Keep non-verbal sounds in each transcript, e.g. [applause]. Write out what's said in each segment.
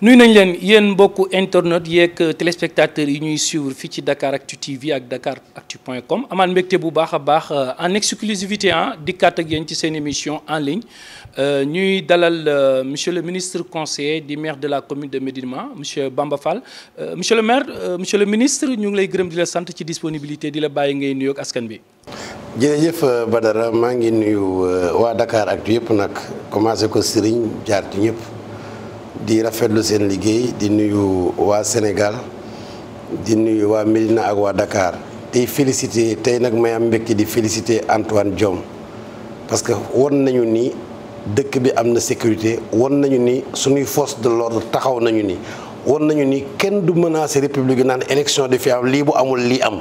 nuy nañ leen yéen mbokku internet yeeg téléspectateurs yi ñuy suivre fii ci Dakar Actu TV ak Dakar Actu point com amaan mbégte bu baax a baax euh, en exclusivité ah dikkaat ak yéen ci seen émission en ligne euh, ñuy dalal euh, monsieur le ministre conseiller di maire de la commune de Médina monsieur Bamba Fall monsieur le maire monsieur le ministre ñu ngi lay gërëm di la sant ci disponibilité di la bàyyi ngay nuyoog askan bi. jërëjëf Badara maa ngi nuyu waa Dakar Actu yëpp nag commencé ko sëriñ jaar ci ñëpp di rafetlu sen liggéey di nuyu wa senegal di nuyu wa medina ak wa Dakar tey félicité tey nak may am mbégte di félicité Antoine diom parce que won nañu ni deuk bi amna na sécurité won nañu ni suñuy force de l'ordre taxaw nañu ni won nañu ni ken du menacer république naan élection de fi li bu amul li am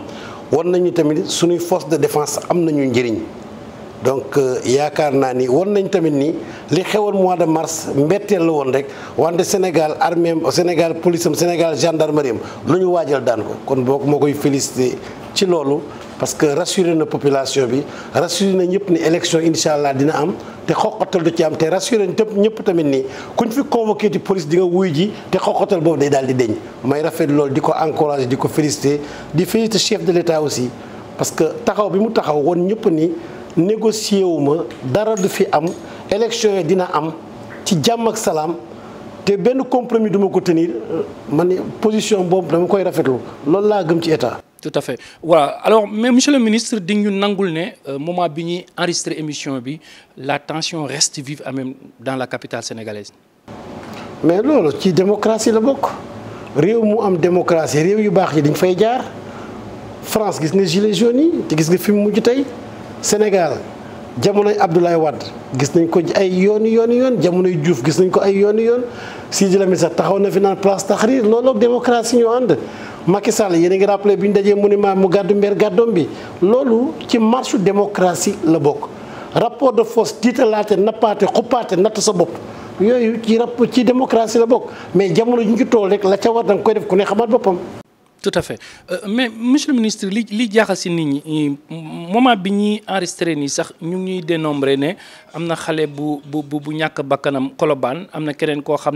won nañu tamit suñuy force de défense am nañu njëriñ donc euh, yaakaar naa ni won nañ tamit ni li xewoon mois de mars mbettel la woon rek wante Sénégal armée am Sénégal police Sénégal gendarmerie luñu lu dan ko kon bok mo koy féliciter ci lolu parce que rassurer na population bi rassurer na ñëpp ni élection inshallah dina am té xoqatal du ci am rassurer rassuré ñëpp tamit ni kuñ fi convoqué di police di nga wuy ji té xoqatal boobu day daal di deñ may rafet lolu diko encourager diko féliciter di féliciter chef de l'État aussi parce que taxaw bi mu taxaw won ñëpp ni négocier au moins dara du fi am élection dina am ci jàmm ak salam té benn compromis du ko tenir euh, man position boobu dama koy rafetlu loolu la gëm ci état. tout à fait voilà alors mais monsieur le ministre di ñu nangul né euh, moment bi enregistré émission bi la tension reste vive même dans la capitale sénégalaise. mais lolo, ci démocratie la bok réew mu am démocratie réew yu bax yi dañ fay jaar France gis nga gilets jaunes yi te gis nga fi mu mujj tay Sénégal jamonoy Abdoulaye wadd gis nañ ko ay yoon yoon yoon jamonoy Diouf gis nañ ko ay yoon yoon Sidi Lamine sax taxaw na fi naan place Tahrir loolu ak démocratie ñoo ànd Macky Sall yéen ngi rappelé bi ñu dajee monument mu gàddu mbeer gàddoom bi loolu ci marche démocratie la bokk rapport de force tiitalaate nappaate xuppaate natt sa bopp yooyu ci rapp ci démocratie la bokk mais jamono ju ci tool rek la ca war da nga koy def ku ne xamaat boppam tout à fait euh, mais monsieur le ministre li li jaaxal si nit ñi moment bi ñuy enregistré nii sax ñu ñuy dénombré ne am na bu bu bu ñàkk bakkanam kolobaan am na keneen koo xam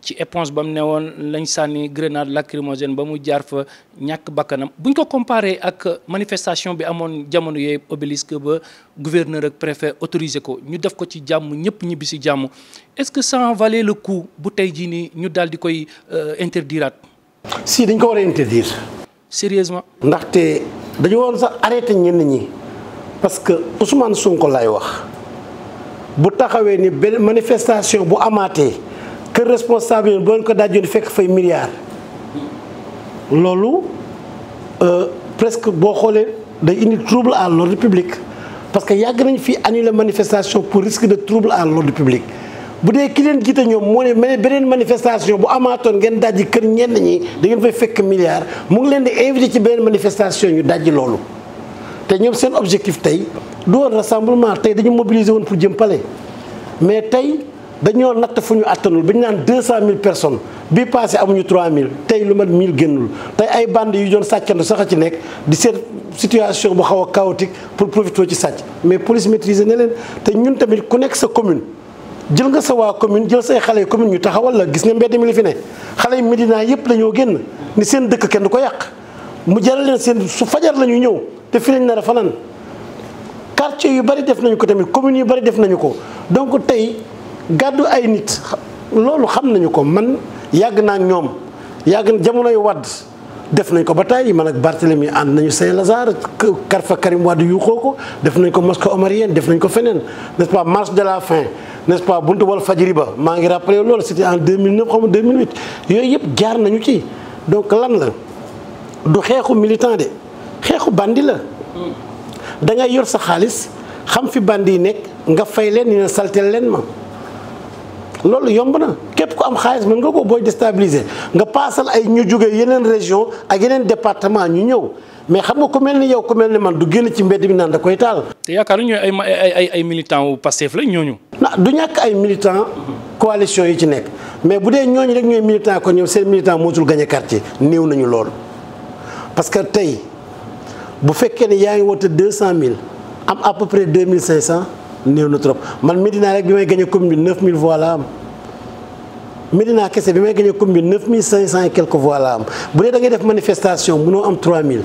ci éponge ba mu ne woon lañ sànni grenade lacrymogène ba mu jaar fa ñak bakanam buñ ko comparer ak manifestation bi amone jamono yé obélisque ba gouverneur ak préfet autorisé ko ñu def ko ci jàmm ñëpp ñibbi si est-ce que ça en valait le coup bu tey jii nii ñu dal di koy euh, interdiraat si dañ ko war a dire. sérieusement. nous dañu won sax arrêté ñen ñi parce que Ousmane Sonko lay wax bu taxawé ni manifestation bu amaté que responsable yi bon ko daajoon fekk fay milliards euh presque bo xolé day indi trouble à l'ordre public parce que yag nañ fi annuler manifestation pour risque de trouble à l'ordre public. Si manifestation bu ngeen dajji ñi da ngeen fay fekk milliard mu ngi leen di inviter ci manifestation ñu dajji loolu té ñom seen objectif tay du rassemblement tay dañu mobiliser woon pour jëm palais mais tay nous natt fuñu buñ naan personnes bi passé amuñu trois mille tey lu mat mille ay bande yu doon sax ci nek di situation bu chaotique pour profiter ci sàcc mais police maîtriser ne leen té ñun tamit ku nek sa commune jël nga sa waa commune jël say xale yi commune ñu taxawal la gis nga mbedd mi li fi ne xale yi Medina yëpp lañoo génn ni seen dëkk kenn du ko yàq mu jaral leen seen su fajar la ñuy ñëw te fi lañ nar a fanaan quartier yu bari def nañu ko tamit communes yu bari def nañu ko donc tey gàddu ay nit loolu xam nañu ko man yàgg naa ñoom yàgg jamonoy wadd def nañ ko ba tey man ak Barthélemy ànd nañu Saint-Lazare Karfa Karim Wade yu xoo ko def nañ ko mosquée omarienne def nañ ko feneen n'est-ce pas marche de la faim n'est-ce pas buntu wal fajiri ba maa ngi rappelé loolu c'était en 2009 xaw ma 2008 yooyu yëpp jaar nañu ci donc lan la du xeexu militant de xeexu bandi la da yor sa xaalis xam fi bandi yi nekk nga fay leen ñu ne saltel leen ma loolu yomb na képp ku am xaalis mën nga ko booy déstabiliser nga paasal ay ñu jóge yeneen région ak yeneen département ñu ñëw mais xam nga ku mel ni yow ku mel ni man du génn ci mbedd bi naan da koy taal. te yaakaar nañu ay ay ay militants wu Pastef la ñooñu. ah du ñàkk ay militants coalition yi ci nekk mais bu dee ñooñu rek ñooy militant kon ñoom seen militant mootul gagné quartier néew nañu lool. parce que tey bu fekkee ne yaa ngi woote cent mille am à peu près deux mille cinq cent néew na trop man Medina rek bi may gagné commune bi neuf mille voix la am. Médina kese bi may gagné commune bi cinq cent et quelques voix la am bu dee da def manifestation mënoo am trois mille.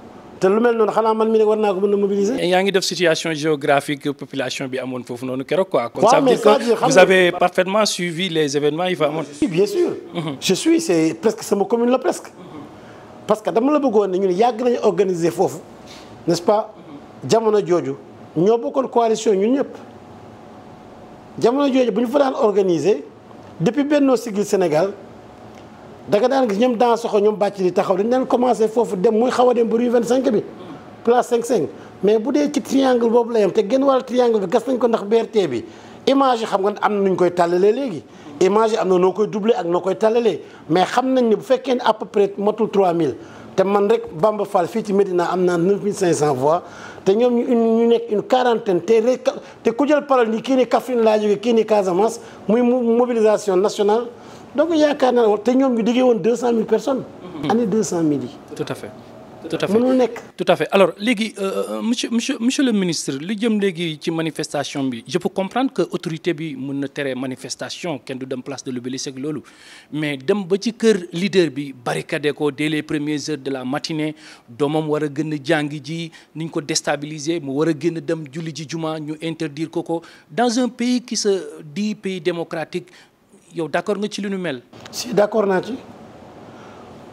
te mel man mi ko a mobiliser. yaa ngi def situation géographique population bi amone fofu noonu kéro quoi. kon ça dire que vous avez parfaitement suivi les événements il va amoon. oui bien sûr. Mhm. je suis c'est presque, presque sama commune la presque. parce que dama la bëggoon ñu yag nañ organiser fofu. nest ce pas jamono jojo ñoo bokkoon coalition ñun ñëpp jamono jojo bu ñu fa dal organiser depuis Benno Siggil Sénégal da nga daan gis ñom dans soxo ñoom bàcc di taxaw dañ daan commencer fofu dem muy xawa dem ba rue 25 bi place 55 mais bu dé ci triangle bobu la yem té genn wal triangle bi gas nañ ko ndax BRT bi image xam nga am na koy talalé légui image am na noo koy doublé ak noo koy tàllalee mais xam nañ ne bu fekkee à peu près motul 3000 té man rek Bamba Fall fi ci medina am naa 9500 voix té ñom ñu ñu nekk une quarantaine té té ku jël parole ni kii ni Kaffrine laa jógee kii ni Casamance muy mobilisation nationale donc yaakaar naa te ñoom ñu liggéey woon deux 200 000 personnes. Mhm. année deux cent tout à fait tout à fait mënul nekk. tout à fait alors Légui, euh, euh, monsieur monsieur monsieur le ministre li jëm léegi ci manifestation bi je peux comprendre que autorité bi mën manifestation kenn du dem place de l'Obélisque ak mais dem ba ci kër leader bi barricadé ko dès les premières heures de la matinée doomam war a gën a ji ni ko déstabiliser mu war a gën a dem julli ji juma ñu interdire ko dans un pays qui se dit pays démocratique d'accord nga ci si d'accord na ci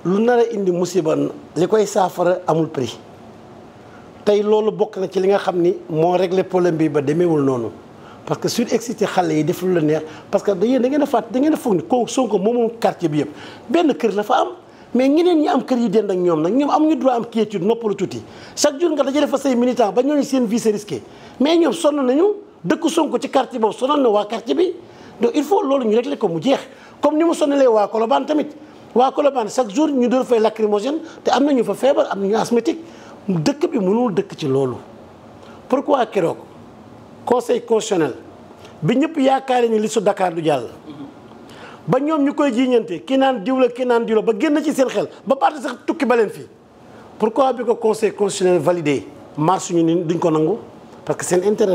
lu nar a indi musiba li koy saafara amul prix tay lolu bok na ci li nga ni régler problème bi ba parce que sur xalé yi def lu la neex parce que da ngeen da ngeen da ngeen ko Sonko nous quartier bi yeb ben kër la fa am. mais ñeneen ñi am kër yi dend ak ñom nak ñom droit am chaque jour nga dajale fa say militant ba ñooñu seen vie c'est mais ñom sonn nañu dekk Sonko ci quartier sonal na quartier donc il faut que ñu régler nous mu comme ni sommes les waa chaque jour nous devons faire lacrymogène nous nous ñu fa feebar am asthmatique dëkk bi mënul pourquoi le conseil constitutionnel bi ñëpp ni li Dakar du avons ba pourquoi conseil constitutionnel validé parce que un intérêt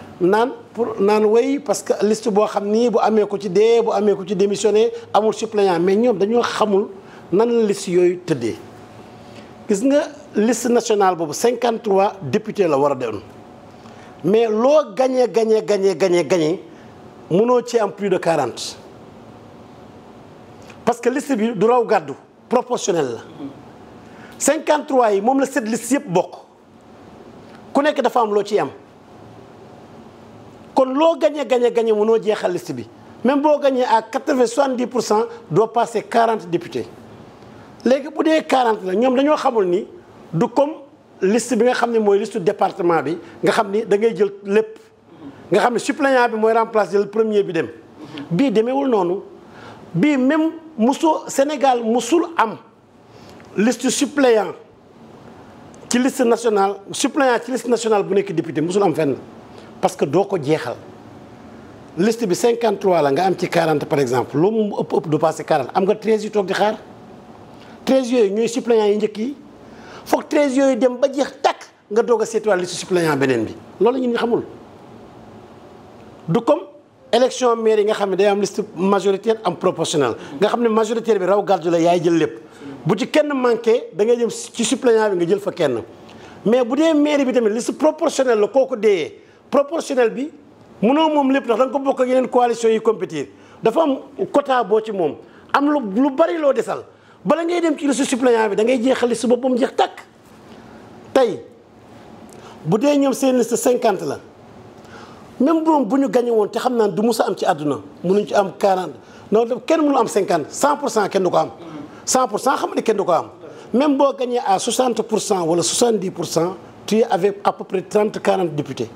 nan pour parce que liste de bu ko ci bu suppléant mais ñom de xamul nan la liste gis liste nationale bobu 53 députés. la mais lo qui gagné gagné, gagné gagné ci plus de 40 parce que liste bi du raw proportionnel 53 yi mom la liste ku nekk dafa kon loo gagné gagné gagné mënoo jeexal liste bi même boo gagné à 80, 70%, soixante dix pour députés Les bu dee 40, la ñoom dañoo xamul ni du comme liste bi nga xam ne liste département bi nga xam ni da ngay jël lépp nga xam ne suppléant bi remplacer le premier bi dem. bii demeewul noonu bii même musu Sénégal musul am liste suppléant qui liste nationale suppléant qui liste nationale bu nekk député musul am fenn parce que doo ko jeexal liste bi 53 la nga am ci 40 par exemple lu mu upp du 40 am nga 13 yu tok di xaar 13 yooyu ñooy suppléants yi ñëk yi foog 13 yooyu dem ba jeex tak nga doga a liste suppléant benen bi loolu ñun ñi xamul du comme élection maire nga xamné day am liste majoritaire am proportionnel nga xamné majoritaire bi raw gardu la yaay jël lépp bu ci kenn manqué da ngay dem ci suppléant bi nga jël fa kenn mais bu dee maire bi tamit liste proportionnel la kooku proportionnel bi mëno mom lepp nak dang ko bokk yeneen coalition yi compétir dafa am quota bo ci mom am lu lu bari lo dessal bala ngay dem ci le suppléant bi da ngay jéxali su bopum jéx tak tay bu dé ñom seen liste 50 la même bon buñu gagné won té xamna du mussa am ci aduna mënuñ ci am 40 non kenn mënu am 50 100% kenn duko am 100% xam ni kenn duko am même bo gagné à 60% wala 70% tu es avec à peu près 30 40 députés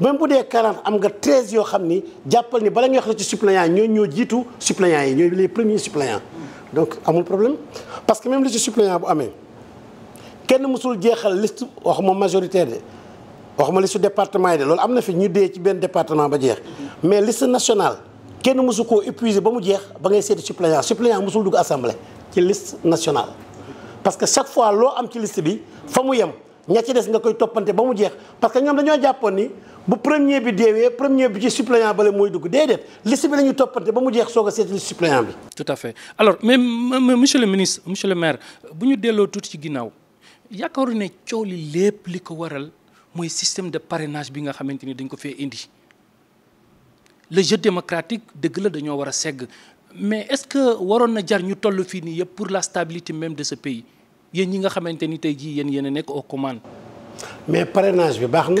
même pour dee 40 am nga 13 yo xamni ni ni bala ñu wax ci suppléants ñoo ñoo jitu suppléants yi ñooy les premiers suppléants donc amul problème parce que même les ci suppléant bu amé kenn mësul jéxal liste waxuma majoritaire de waxuma liste département de loolu amna fi ñu dé ci ben département ba jéx mais liste nationale kenn mësu ko épuiser ba mu jéx ba ngay seeti suppléant suppléant mësul dug assemblée ci liste nationale parce que chaque fois lo am ci liste bi famu yam, yem ci des nga koy topanté ba mu jéx parce que ñom dañoo japon ni bu premier bi déwé premier bi ci suppléant bale moy dugg déedéet liste bi lañu ñu ba mu jeex soga a liste suppléant bi. tout à fait alors mais monsieur le ministre monsieur le maire buñu délo tout ci ginnaaw yakaru né cioli lépp liko waral moy système de parrainage bi nga xamante dañ ko fee indi le jeu démocratique deug la dañoo wara ségg mais est-ce que waron na jar ñu tollu fii nii pour la stabilité même de ce pays yeen ñi nga xamante tay ji yeen yéen nek au commande mais parrainage bi baxna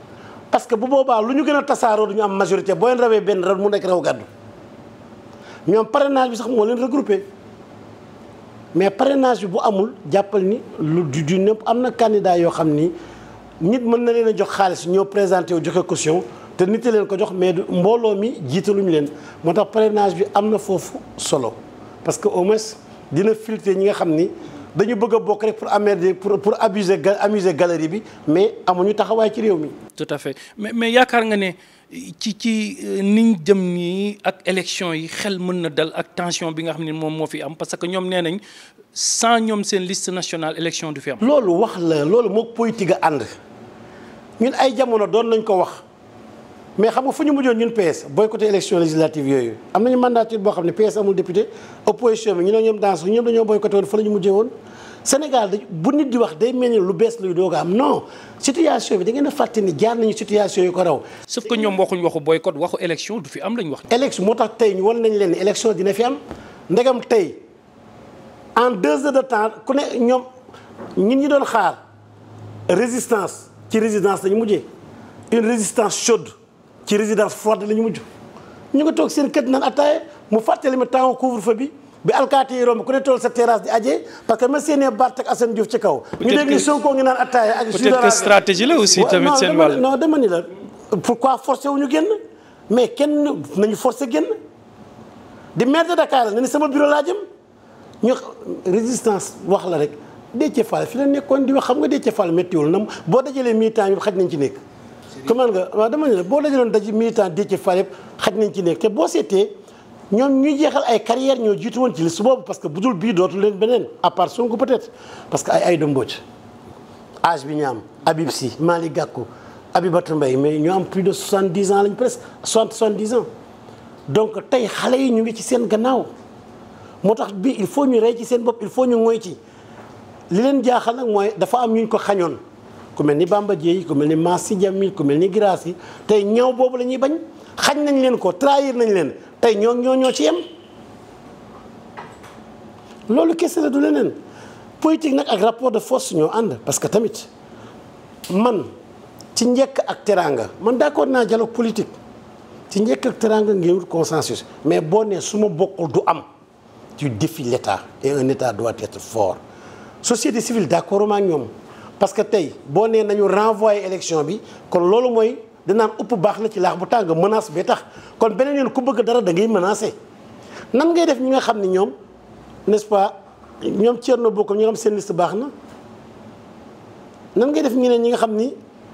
parce que bu boobaa lu ñu gën a tasaaroo du ñu am majorité boo leen rawee benn raw mu nekk raw gàddu ñoom parrainage bi sax moo leen regroupé mais parrainage bi bu amul jàppal ni lu du du nëpp am na candidat yoo xam ni nit mën na leen a jox xaalis ñoo présenté wu joxe caution te nit leen ko jox mais mbooloo mi ñu leen moo tax parrainage bi am na foofu solo parce que au moins dina filtrer ñi nga xam ni. dañu bëgg a bokk rek pour amuser pour pour abuser amuser galerie bi mais amuñu taxaway ci réew mi. tout à fait mais mais yaakar nga né ci ci euh, niñ jëm ni ak élection yi xel mën na dal ak tension bi nga xam mom mo fi am parce que ñom nee sans ñom sen liste nationale élection du fi am. loolu wax la loolu mok politique and ñun ay jamono doon nañ ko wax mais xam nga fuñu ñu mujjoon ñun PS boycotter élection législative yoyu am nañu mandature bo xam PS amul député opposition bi ñu ñom dans ñom dañu boycotter boycotté fa la ñu mujjee woon. Sénégal bu nit di wax day mel lu bees lu doog a am non situation bi da ngeen a ni jaar nañu situation yu ko raw. sauf que ñoom waxuñ waxu boycott waxu élection du fi am lañu wax. élection motax tay ñu won nañ leen élection dina fi am ndegam tay en deux heures de temps ku ne ñoom ñun ñi doon xaar résistance ci résistance dañu mujjé une résistance chaude. ci résidence Ford la ñu mujj ñu ngi toog seen kët naan attaaye mu fàttali ma temps couvre-feu bi bi alkaati yi romb ku ne tool sa terrasse di ajee que ma seenee Bart ak Assane Diouf ci kaw. ñu dégg ni Sonko ngi naan attaaye la aussi tamit seen wàll non dama ni la forcé wu ñu génn mais kenn nañu forcé génn di maire de Dakar na ni sama bureau laa jëm ñu wax la rek Déthié Fall fi la nekkoon di wax xam nga Déthié Fall méttiwul na boo dajalee mi temps yi xaj nañ ci nekk. comment nga waaw dama ne boo dajaloon daji militant di ci far yëpp xaj nañ ci nekk te boo seetee ñoom ñu jeexal ay carrière ñoo jiitu woon ci liste boobu parce que budul bii dootu leen beneen à part Sonko peut-être parce que ay ay dëmbooj âge bi ñu am Habib Sy Malick Gakou Abibatou Mbaye mais ñu am plus de 70 ans lañ presque soixante 70 ans donc tay xalé yi ñu ngi ci seen gannaaw motax bi il faut ñu ré ci seen bop il faut ñu ngoy ci li leen jaaxal nak moy dafa am ñu ko xagnon ku mel ni bamba jey ku mel ni maasi jammi ku mel ni giraas yi ñaw bobu lañuy bañ xañ nañ leen ko trahir nañ leen tay ñok ñoo ñoo ci yam lolu kese la du leneen politique nak ak rapport de force ñoo and parce que tamit man ci ñek ak teranga man d'accord na dialogue politique ci ñek ak teranga ngeen wut consensus mais boo nee su ma du am tu défies l'État et un État doit être fort société civile d'accord ma ñom parce que tay, boo nee nañu renvoyer élection bi kon moy mooy dinaan upp baax na ci laax bu tang menace bi tax kon benen yoon ku bëgg dara da ngay menacer nan ngay def ñi nga xamni ñom n'est-ce pas ñom Thierno Bocoum ñi nga xam sen liste baax na nan ngay def ñi ne ñi nga xamni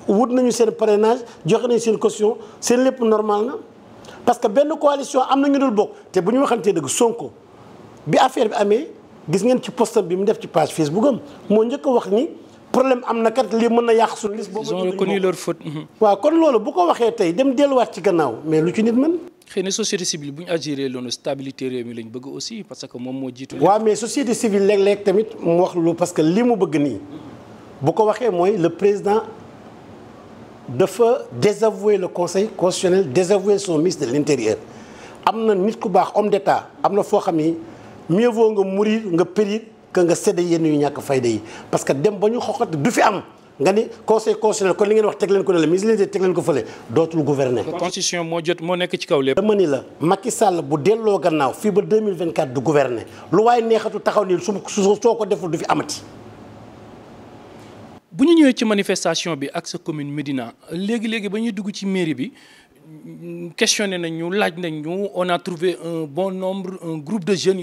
wut nañu sen parrainage jox nañu sen caution sen lepp normal na parce que benn coalition am na ñu dul bok té buñu ñu waxantee dëgg Sonko bi affaire bi amé gis ngeen ci postam bi mu def ci page Facebook mo moo wax ni problème am kat ont leur faute. Mhm. kon bu ko dem ci gannaaw mais lu ci nit société civile stabilité aussi parce que mais société civile parce que bëgg bu le président désavouer le conseil constitutionnel désavouer son ministre de l'Intérieur. homme d'État, amna mieux vaut nga mourir nga périr que parce que dem Nous xoxat femmes. Nous avons conseil constitutionnel kon li ngeen wax la femmes. Nous ko femmes. Nous avons constitution femmes. jot avons nekk ci kaw avons dama ni la Macky Sall bu Nous gannaaw ba 2024 avons gouverner lu Nous neexatu taxaw commune questionné on a trouvé un bon nombre un groupe de jeunes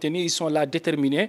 qui ils sont là déterminés.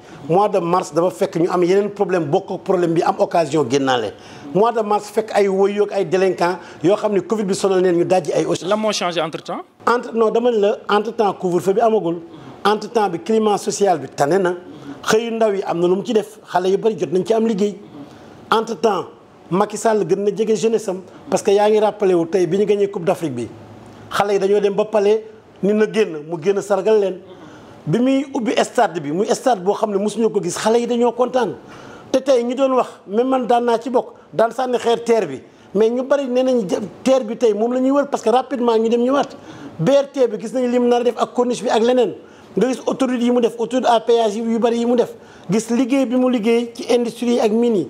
mois de mars dafa fekk ñu am yeneen problème bokk problème bi am occasion génnaale mois de mars fekk ay woyu ak ay délinquants yo xamni Covid bi sonal neen ñu dajji ay. lan moo changé entre temps. entre non dama le la entre temps couvre-feu bi amagul entre temps bi climat social bi tane na xëyu ndaw yi am na lu mu ci def xalé yu bari jot nañ ci am liggéey entre temps Macky Sall gën na jege jeunesse parce que yaa ngi rappelé wu tay biñu ñu gagné Coupe d'Afrique bi xalé yi dañu dem ba palé ni na génn mu génn sargal leen. bi muy ubbi stade bi muy stade boo xam ne mosuñu ko gis xale yi dañoo kontaan te tey ñi doon wax même man daan naa ci bokk daan sànni xeer teer bi mais ñu bari nee nañ terre bi tey moom la ñuy wër parce que rapidement ñu dem ñëwaat BRT bi gis nañu lim nar a def ak corniche bi ak leneen nga gis autoroute yi mu def autoroute à péage yu bari yi mu def gis liggéey bi mu liggéey ci industrie ak mines yi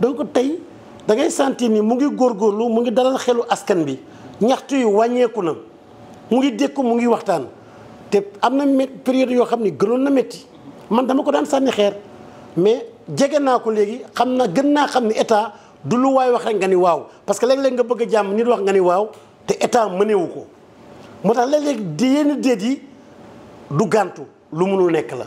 donc tey da ngay sentir ni mu ngi góorgóorlu mu ngi dalal xelu askan bi ñaxtu yi wàññeeku na mu ngi dékku mu ngi waxtaan te amna période yo xamni ne na metti man dama ko daan sanni xeer mais djégé na ko légui xamna na gën naa xam état du lu way wax nga ni waw parce que lég lég nga bëgg jamm nit wax nga ni waw té état mënewu ko motax lég lég di yéne déet yi du gantu lu mënu nek la.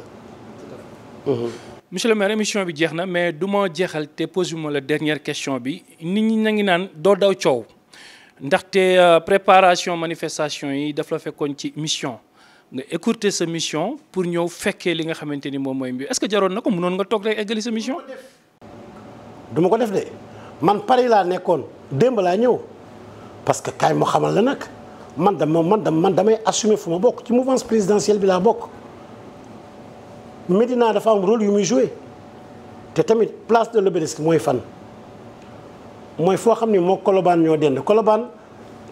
Mmh. monsieur le maire émission bi jeex mais du ma jeexal te posé la dernière question bi nit ñi na ngi naan do daw coow ndaxte euh, préparation manifestation yi dafa la fekkoon ci mission nga écouter sa mission pour ñëw fekkee li nga xamante ni moom mooy mbir est-ce que jaroon na ko mënoon nga toog rek eggali sa mission. duma ko def de man Paris laa nekkoon démb laa ñëw parce que kaay ma xamal la nag man dama man dama man damay assumer fu ma bokk ci mouvance présidentielle bi laa bokk. Médina dafa am rôle yu muy joué te tamit place de l'Obélisque mooy fan mooy foo xam ni moo Colobane ñoo dend Colobane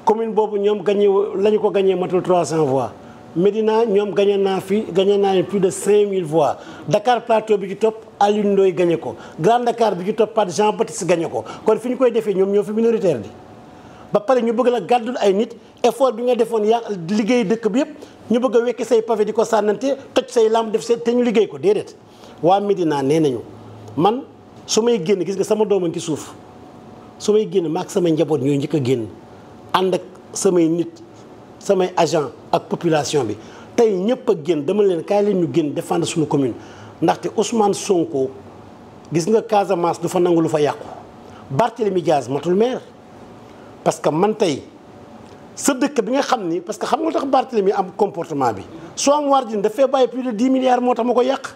commune boobu ñoom gagné lañu ko gagné matul 300 voix. Médina nous gagné fi gagné plus de 5000 voix Dakar Plateau big top top, Ndoye gagné Grand Dakar bi top toppaat Jean Baptiste gagné ko kon fi avons nous sommes ñoom ñoo fi minoritaire ba la gàddul ay nit effort bi nga Nous bi ñu bëgg nous avons fait ko sànnante say lamb def man nous avons génn gis nga sama doom ci génn nous agent ak population bi tey ñëpp a génn dama leen kaay leen ñu génn défendre suñu commune ndaxte Ousmane Sonko gis nga Casamance du fa nangu lu fa yàqu Barthélemy Diaz matul maire parce que man tey sa dëkk bi nga xam ni parce que xam nga tax Barthélemy am comportement bi soo am war dafay bàyyi plus de 10 moo tax ma ko yàq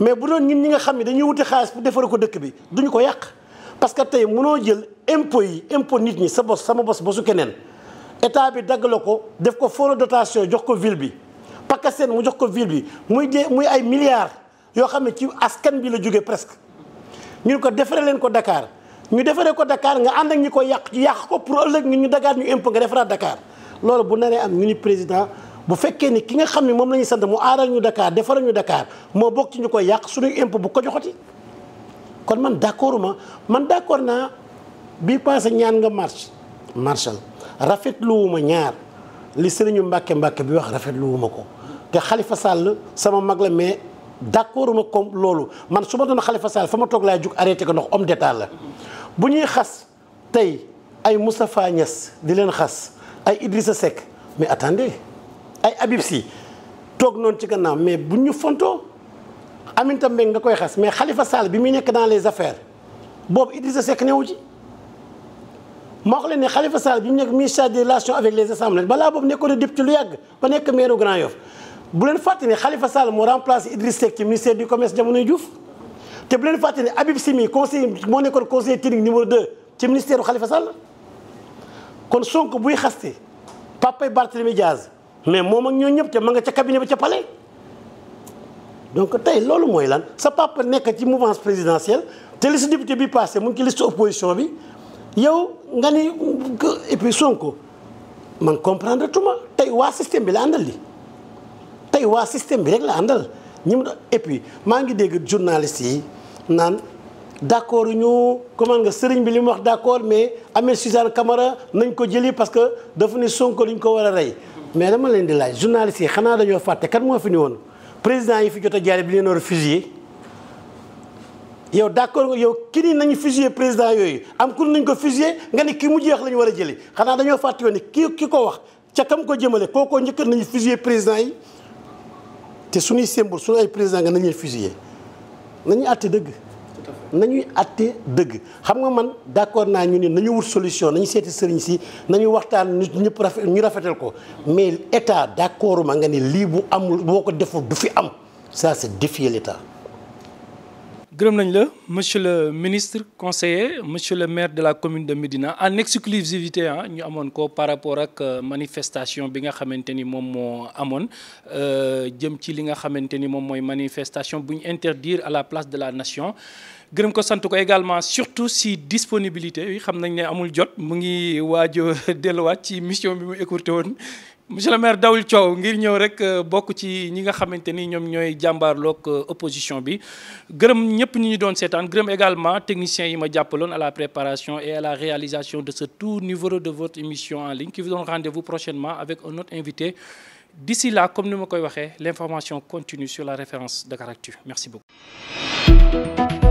mais bu doon ñun ñi nga xam ne dañuy wuti xaalis pour defare ko dëkk bi duñu ko yàq parce que tey mënoo jël impôt yi impôt nit ñi sa bos sama bos bosu keneen état bi daggale ko def ko fonds de dotation jox ko ville bi PACASEN mu jox ko ville bi muy de muy ay milliards yoo xam ne ci askan bi la jógee presque ñu ko defaree leen ko dakaar ñu defaree ko dakaar nga ànd ak ñi ko yàq yàq ko pour ëllëg ñu dagaat ñu impôt nga defaraat Dakar loolu bu naree am ñu ni président bu fekkee ni ki nga xam ne moom la ñuy sant mu aaral ñu dakaar defaral ñu dakaar moo bokk ci ñu koy yàq suñuy impôt bu ko joxati kon man d' accord ma man d' accord naa bii passé ñaan nga marche marchal rafetluwuma ñaar li sëriñu Mbàkke Mbàkke bi wax rafetluwuma ko te Khalifa Sall sama mag la mais d'accord ma comme loolu man su ma doon Khalifa Sall fa ma toog laa jug arrêté ko ndox homme d'état la bu ñuy xas tey ay Moustapha Niass di leen xas ay Idrissa Seck mais attendez ay Habib Sy toog noonu ci gannaaw mais bu ñu fontoo Aminata Mbengue nga koy xas mais xalifa Sall bi muy nekk dans les affaires boobu Idrissa Seck newu ci ma wax ne Khalifa Sall bi mu nekk ministère des relations avec les assemblées balaa boobu nekkoon na député lu yàgg ba nekk maire Grand Yoff bu leen fàtte ne Khalifa Sall moo remplacé Idriss Seck ci ministère du commerce jamonoy Diouf te bu leen fàtte Habib Simi conseiller moo conseiller technique numéro 2 ci ministère u Khalifa Sall kon Sonko buy xaste papay Barthélemy Diaz mais moom ak ñoo ñëpp te ma nga cabinet ba ca palais donc tey loolu mooy lan sa papa nekk ci mouvance présidentielle te liste député bi passé mu ngi ci liste opposition bi yow nga ni et puis Sonko man comprendre ma tay wa système bi la andal li tay wa système bi rek la andal ñim mu et puis maa ngi dégg journaliste yi naan ñu comment nga serigne bi lim wax d'accord mais Ahmed Suzanne Camara nañ ko jëli parce que dafa ni Sonko duñ ko wara ray mais dama leen di laaj journaliste yi xanaa dañoo fàtte kan mo fi ni won président yi fi jotta a bi leen war fusillé yow d'accord yow ki ni nañu fusillé président yooyu am ku nañ ko fusillé nga ne ki mu jeex la ñu war a jëlee xanaa dañoo fàtte woon ne ki ki ko wax ca kam ko jëmale kookoo njëkk nañu fusillé président yi te suñuy symbole suñu ay président nga nañ leen fusillé nañuy dëgg nañuy àtte dëgg xam nga man d'accord naa ñu ne nañu wut solution nañu seeti sëriñ si nañu waxtaan nit ñëpp rafet ñu rafeteel ko mais état d'accord ma nga ne lii bu amul boo ko deful du fi am ça c'est défier l'état gërëm nañ la monsieur le ministre conseiller monsieur le maire de la commune de Médina en exclusivité hein, ñu amoon ko par rapport ak euh, manifestation bi nga xamante ni moom moo amoon euh, jëm ci li nga xamante manifestation pour interdire à la place de la nation gërëm ko sant ko également surtout si disponibilité yi xam nañ ne amul jot mu ngi [laughs] ci mission bi mu écourté monsieur le maire Daoul ngir rek euh, ci ñi nga euh, opposition bi gërëm également technicien yi à la préparation et à la réalisation de ce tout niveau de votre émission en ligne qui vous donne rendez-vous prochainement avec un autre invité d'ici là comme nous l'information continue sur la référence Caractu. merci beaucoup